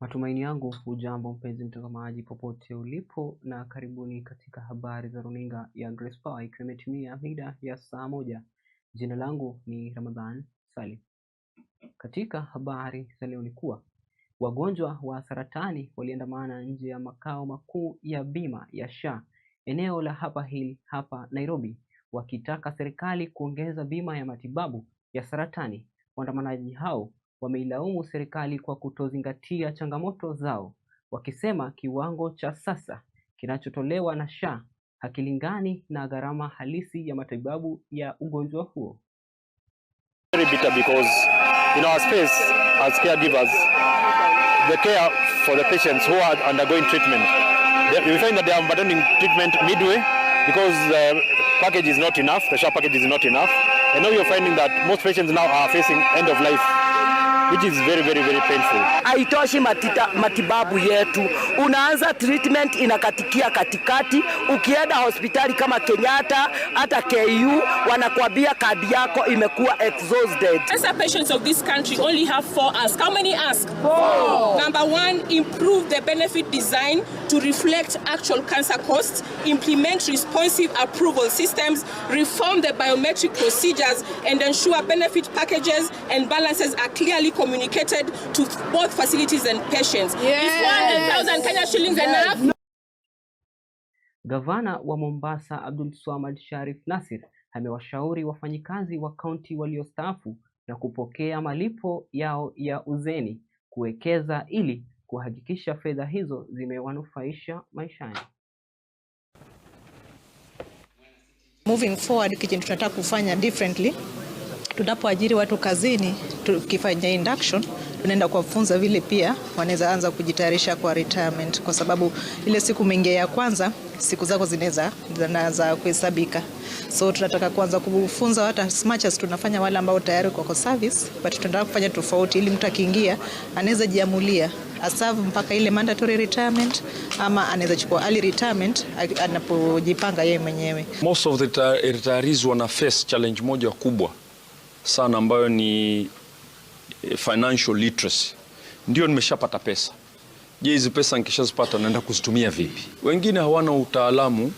Matumaini yangu hujambo mpenzi mtazamaji popote ulipo na karibuni katika habari za runinga ya Gracepaw ikiwa imetimia mida ya saa moja. Jina langu ni Ramadhan Salim. Katika habari za leo ni kuwa wagonjwa wa saratani waliandamana nje ya makao makuu ya bima ya SHA eneo la Hapa hili hapa Nairobi, wakitaka serikali kuongeza bima ya matibabu ya saratani. Waandamanaji hao wameilaumu serikali kwa kutozingatia changamoto zao, wakisema kiwango cha sasa kinachotolewa na SHA hakilingani na gharama halisi ya matibabu ya ugonjwa huo. Very bitter because in our space as caregivers the care for the patients who are undergoing treatment we find that they are abandoning treatment midway because the package is not enough the SHA package is not enough and now you're finding that most patients now are facing end of life which is very, very, very painful. Haitoshi matita, matibabu yetu, unaanza treatment inakatikia katikati. Ukienda hospitali kama Kenyatta hata KU wanakuambia kadi yako imekuwa exhausted. Cancer patients of this country only have four ask. How many ask? Four. Number one, improve the benefit design to reflect actual cancer costs, implement responsive approval systems, reform the biometric procedures and ensure benefit packages and balances are clearly communicated to both facilities and patients. Yes. Is 1,000 Kenya shillings yes. enough? No. Gavana wa Mombasa Abdul Swamad Sharif Nasir amewashauri wafanyikazi wa kaunti waliostaafu na kupokea malipo yao ya uzeni kuwekeza ili kuhakikisha fedha hizo zimewanufaisha maishani. Moving forward, kitu tunataka kufanya differently tunapoajiri watu kazini, tukifanya induction tunaenda kuwafunza vile pia wanaweza anza kujitayarisha kwa retirement, kwa sababu ile siku mingi ya kwanza siku zako zinaweza zinaanza kuhesabika. So tunataka kuanza kufunza hata as much as tunafanya wale ambao tayari kwa kwa service, but tunataka kufanya tofauti, ili mtu akiingia anaweza jiamulia asavu mpaka ile mandatory retirement ama anaweza chukua early retirement anapojipanga yeye mwenyewe. Most of the retirees wana face challenge moja kubwa sana ambayo ni eh, financial literacy. Ndio nimeshapata pesa. Je, hizi pesa nikishazipata naenda kuzitumia vipi? Wengine hawana utaalamu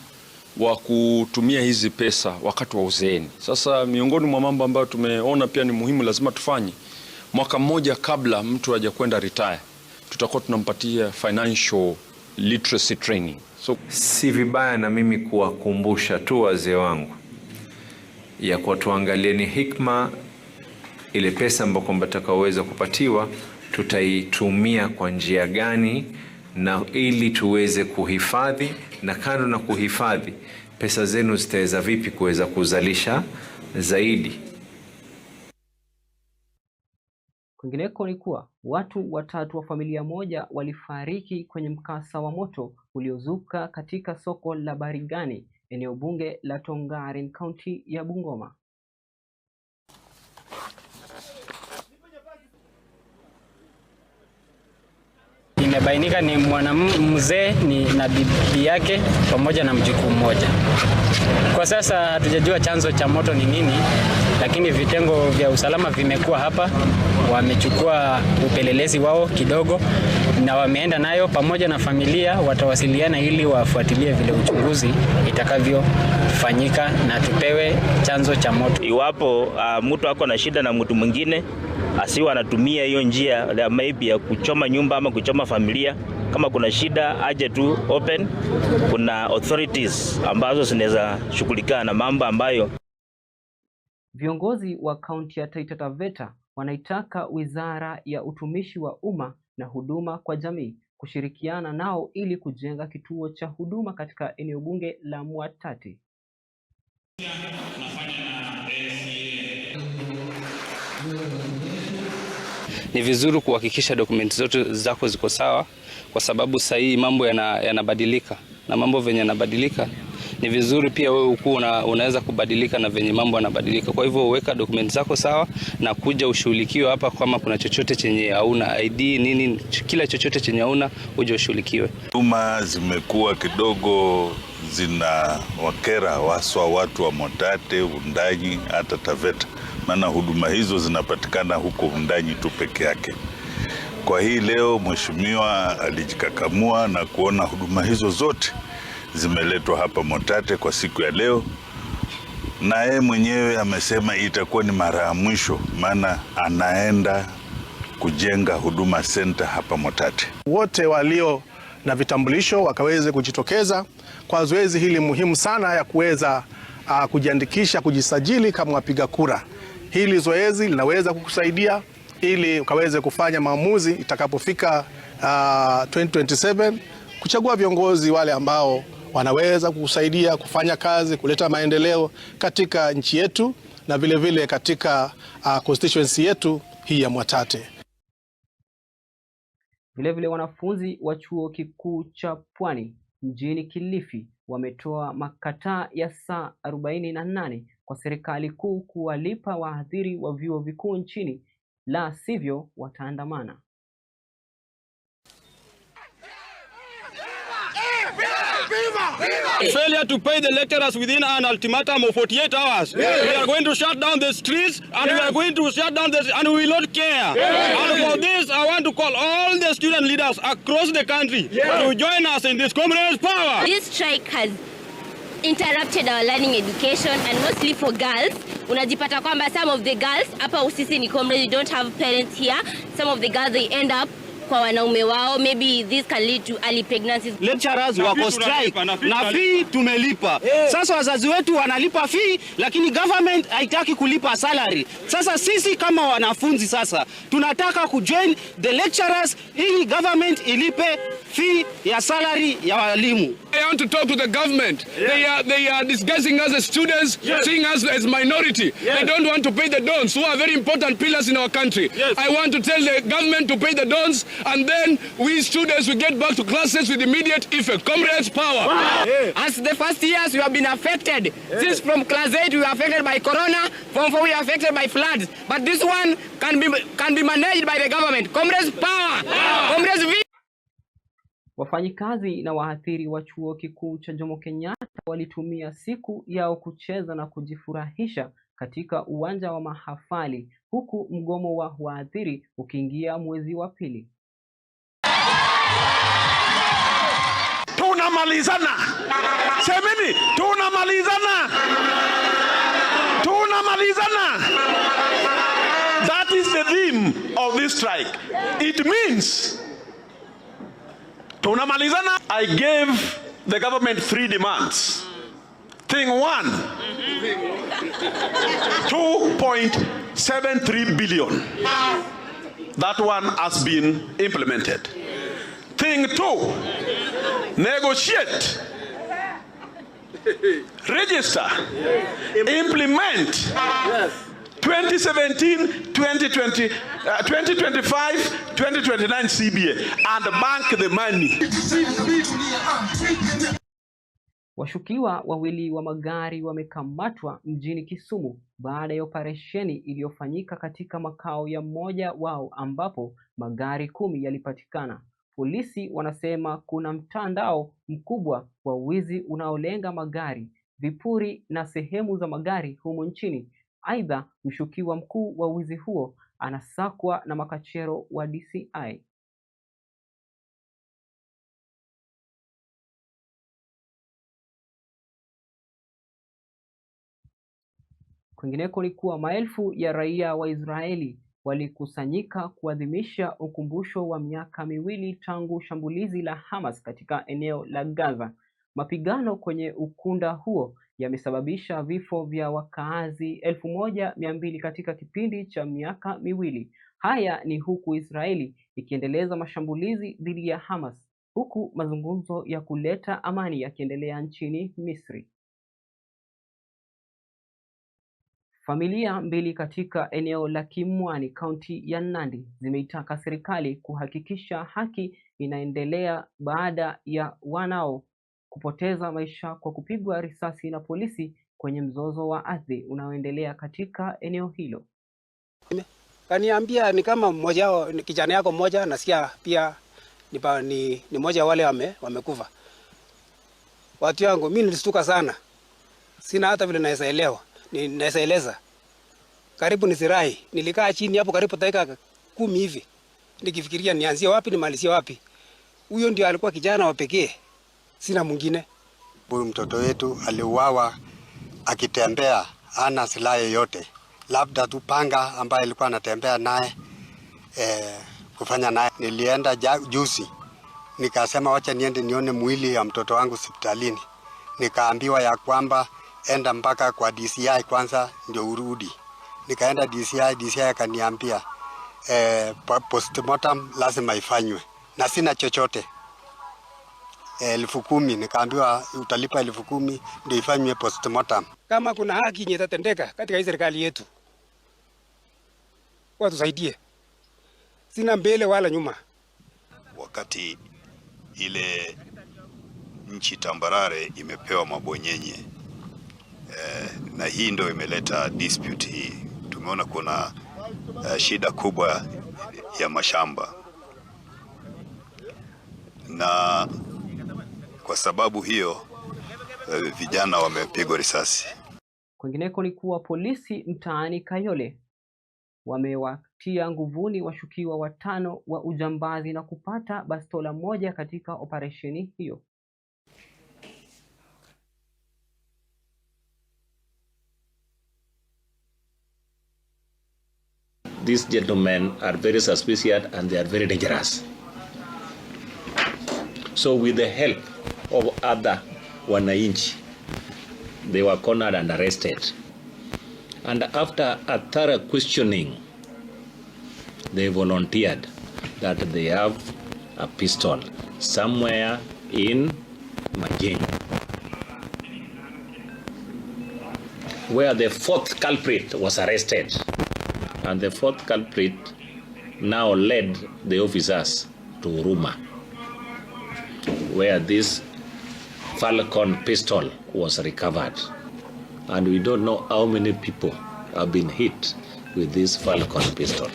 wa kutumia hizi pesa wakati wa uzeeni. Sasa miongoni mwa mambo ambayo tumeona pia ni muhimu, lazima tufanye mwaka mmoja kabla mtu hajakwenda retire, tutakuwa tunampatia financial literacy training. So si vibaya na mimi kuwakumbusha tu wazee wangu ya kuwa tuangalie ni hikma ile pesa ambayo kwamba tutakaoweza kupatiwa tutaitumia kwa njia gani, na ili tuweze kuhifadhi, na kando na kuhifadhi, pesa zenu zitaweza vipi kuweza kuzalisha zaidi. Kwingineko ni kuwa watu watatu wa familia moja walifariki kwenye mkasa wa moto uliozuka katika soko la Barigani eneo bunge la Tongaren, kaunti ya Bungoma. Imebainika ni mwanamzee ni na bibi yake pamoja na mjukuu mmoja. Kwa sasa hatujajua chanzo cha moto ni nini, lakini vitengo vya usalama vimekuwa hapa, wamechukua upelelezi wao kidogo na wameenda nayo pamoja na familia, watawasiliana ili wafuatilie vile uchunguzi itakavyofanyika na tupewe chanzo cha moto. Iwapo uh, mtu ako na shida na mtu mwingine asiwa anatumia hiyo njia maybe ya kuchoma nyumba ama kuchoma familia. Kama kuna shida aje tu open, kuna authorities ambazo zinaweza shughulikana na mambo ambayo. Viongozi wa kaunti ya Taita Taveta wanaitaka wizara ya utumishi wa umma na huduma kwa jamii kushirikiana nao ili kujenga kituo cha huduma katika eneo bunge la Mwatate. Ni vizuri kuhakikisha dokumenti zote zako ziko sawa, kwa sababu sahii mambo yanabadilika, yana na mambo venye yanabadilika ni vizuri pia wewe ukuwa una, unaweza kubadilika na venye mambo yanabadilika. Kwa hivyo weka dokumenti zako sawa na kuja ushughulikiwe hapa, kama kuna chochote chenye hauna ID nini, kila chochote chenye hauna uje ushughulikiwe. huduma zimekuwa kidogo zina wakera waswa watu wa Motate, Undanyi hata Taveta, maana huduma hizo zinapatikana huko Undanyi tu peke yake. Kwa hii leo mheshimiwa alijikakamua na kuona huduma hizo zote zimeletwa hapa Motate kwa siku ya leo, na yeye mwenyewe amesema itakuwa ni mara ya mwisho, maana anaenda kujenga huduma center hapa Motate. Wote walio na vitambulisho wakaweze kujitokeza kwa zoezi hili muhimu sana ya kuweza uh, kujiandikisha kujisajili kama wapiga kura. Hili zoezi linaweza kukusaidia ili ukaweze kufanya maamuzi itakapofika uh, ah, 2027 kuchagua viongozi wale ambao wanaweza kusaidia kufanya kazi, kuleta maendeleo katika nchi yetu na vilevile vile katika uh, constituency yetu hii ya Mwatate. Vilevile wanafunzi wa chuo kikuu cha Pwani mjini Kilifi wametoa makataa ya saa arobaini na nane kwa serikali kuu kuwalipa wahadhiri wa vyuo vikuu nchini, la sivyo wataandamana. Failure to pay the lecturers within an ultimatum of 48 hours. We are going to shut down the streets and we are going to shut down the and we will not care. And for this, I want to call all the student leaders across the country to join us in this communist power. This strike has interrupted our learning education and mostly for girls unajipata kwamba some of the girls hapa sisi ni comrades don't have parents here some of the girls they end up kwa wanaume wao, maybe this can lead to early pregnancies. Lecturers wako strike na fee tumelipa. Eh. Sasa wazazi wetu wanalipa fee, lakini government haitaki kulipa salary. Sasa sisi kama wanafunzi sasa tunataka kujoin the lecturers ili government ilipe fee ya salary ya walimu. I want to talk to the government. Yeah. They are, they are disguising us as students, yes. seeing us as minority. Yes. They don't want to pay the dons who are very important pillars in our country. Yes. I want to tell the government to pay the dons and then we students will get back to classes with immediate effect. Comrades, power. Wow. Yeah. As the first years we have been affected. Yeah. Since from class 8 we were affected by corona, from 4 we were affected by floods. But this one can be, can be managed by the government. Comrades, power. Wow. Comrades, v Wafanyikazi na wahadhiri wa chuo kikuu cha Jomo Kenyatta walitumia siku yao kucheza na kujifurahisha katika uwanja wa mahafali huku mgomo wa wahadhiri ukiingia mwezi wa pili. tunamalizana. Semeni tunamalizana, tunamalizana. That is the theme of this strike. It means tunamalizana. I gave the government three demands. Thing one, 2.73 billion. That one has been implemented. Thing two, negotiate, register, implement 2017, 2020, uh, 2025, 2029 CBA and bank the money. Washukiwa wawili wa magari wamekamatwa mjini Kisumu baada ya operesheni iliyofanyika katika makao ya mmoja wao ambapo magari kumi yalipatikana. Polisi wanasema kuna mtandao mkubwa wa wizi unaolenga magari, vipuri na sehemu za magari humu nchini. Aidha, mshukiwa mkuu wa wizi huo anasakwa na makachero wa DCI. Kwingineko ni kuwa maelfu ya raia wa Israeli walikusanyika kuadhimisha ukumbusho wa miaka miwili tangu shambulizi la Hamas katika eneo la Gaza. Mapigano kwenye ukunda huo yamesababisha vifo vya wakaazi elfu moja mia mbili katika kipindi cha miaka miwili. Haya ni huku Israeli ikiendeleza mashambulizi dhidi ya Hamas, huku mazungumzo ya kuleta amani yakiendelea nchini Misri. Familia mbili katika eneo la Kimwani, kaunti ya Nandi zimeitaka serikali kuhakikisha haki inaendelea baada ya wanao kupoteza maisha kwa kupigwa risasi na polisi kwenye mzozo wa ardhi unaoendelea katika eneo hilo. Kaniambia ni kama mmoja wao kijana yako mmoja nasikia pia ni, ni, ni mmoja wale wame, wamekufa. Watu yangu mimi nilistuka sana, sina hata vile naweza elewa naweza eleza. Karibu nisirahi, nilikaa chini hapo karibu dakika kumi hivi nikifikiria nianzie wapi nimalizie wapi. Huyo ndio alikuwa kijana wa pekee, sina mwingine. Huyu mtoto wetu aliuawa akitembea, ana silaha yoyote, labda tu panga ambaye alikuwa anatembea naye eh, kufanya naye. Nilienda juzi nikasema wacha niende nione mwili ya mtoto wangu hospitalini, nikaambiwa ya kwamba enda mpaka kwa DCI kwanza ndio urudi. Nikaenda DCI, DCI akaniambia eh, postmortem lazima ifanywe na sina chochote eh, elfu kumi nikaambiwa utalipa elfu kumi ndio ifanywe postmortem. Kama kuna haki yenye itatendeka katika hii serikali yetu, watusaidie, sina mbele wala nyuma. Wakati ile nchi tambarare imepewa mabonyenye Eh, na hii ndio imeleta dispute hii. Tumeona kuna uh, shida kubwa ya mashamba, na kwa sababu hiyo uh, vijana wamepigwa risasi. Kwingineko ni kuwa polisi mtaani Kayole wamewatia nguvuni washukiwa watano wa ujambazi na kupata bastola moja katika operesheni hiyo. these gentlemen are very suspicious and they are very dangerous. So with the help of other wananchi, they were cornered and arrested. And after a thorough questioning, they volunteered that they have a pistol somewhere in Majin. Where the fourth culprit was arrested. and the fourth culprit now led the officers to Ruma, where this Falcon pistol was recovered. And we don't know how many people have been hit with this Falcon pistol.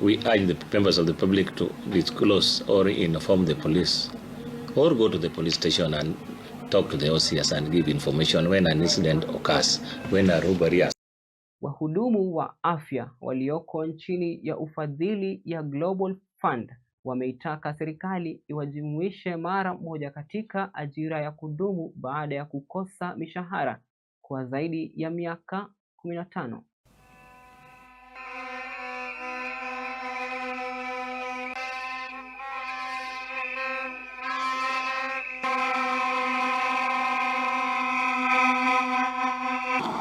We urge the members of the public to disclose or inform the police or go to the police station and talk to the OCS and give information when an incident occurs, when a robbery has Wahudumu wa afya walioko chini ya ufadhili ya Global Fund wameitaka serikali iwajumuishe mara moja katika ajira ya kudumu baada ya kukosa mishahara kwa zaidi ya miaka 15.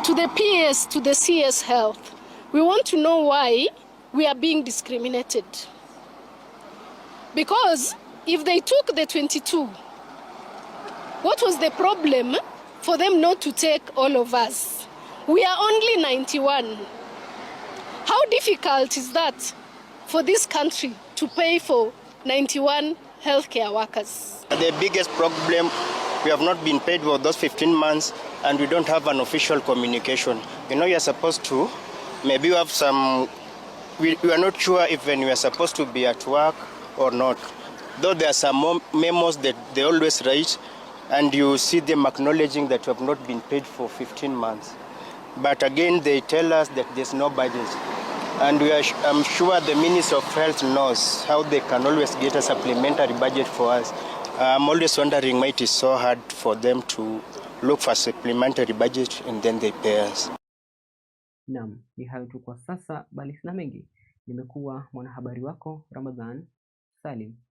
to the PS, to the CS Health. We want to know why we are being discriminated. Because if they took the 22, what was the problem for them not to take all of us? We are only 91. How difficult is that for this country to pay for 91 healthcare workers? The biggest problem, we have not been paid for those 15 months and we don't have an official communication. You know, you're supposed to, maybe you have some, we, we are not sure if when you are supposed to be at work or not. Though there are some memos that they always write, and you see them acknowledging that you have not been paid for 15 months. But again, they tell us that there's no budget. And we are, I'm sure the Minister of Health knows how they can always get a supplementary budget for us. I'm always wondering why it is so hard for them to look for supplementary budget and then they pay us. Naam, ni hayo tu kwa sasa, bali sina mengi. Nimekuwa mwanahabari wako Ramadhan Salim.